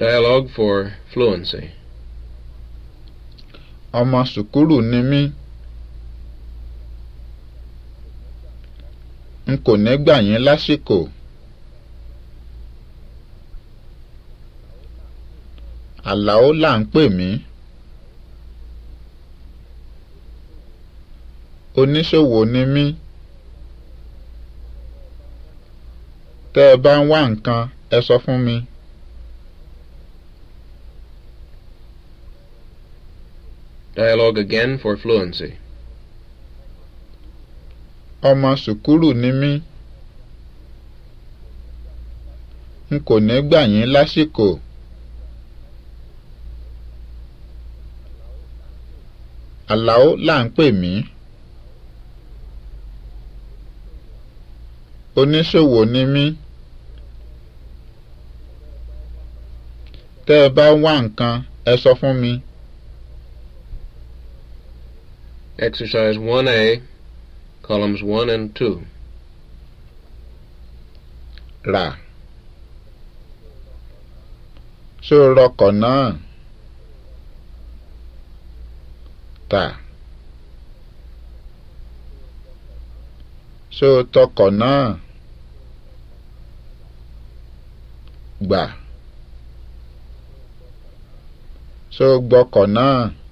Dialogue for fluency. Ọmọ sùkúrù ni mí. N kò ní gbà yín lásìkò. Àlàó là ń pè mí. Oníṣòwò ni mí. Tẹ́ ẹ bá ń wá nǹkan, ẹ sọ fún mi. Dialogue again for fluency. Ọmọ sùkúrù ni mí. N kò ní gbà yín lásìkò. Àlàó là ń pè mí. Oníṣòwò ni mí. Tẹ́ ẹ bá wá nǹkan, ẹ sọ fún mi. Exercise 1A, columns 1 and 2. La. Ṣé o Tà. Ṣé o Gbà. Ṣé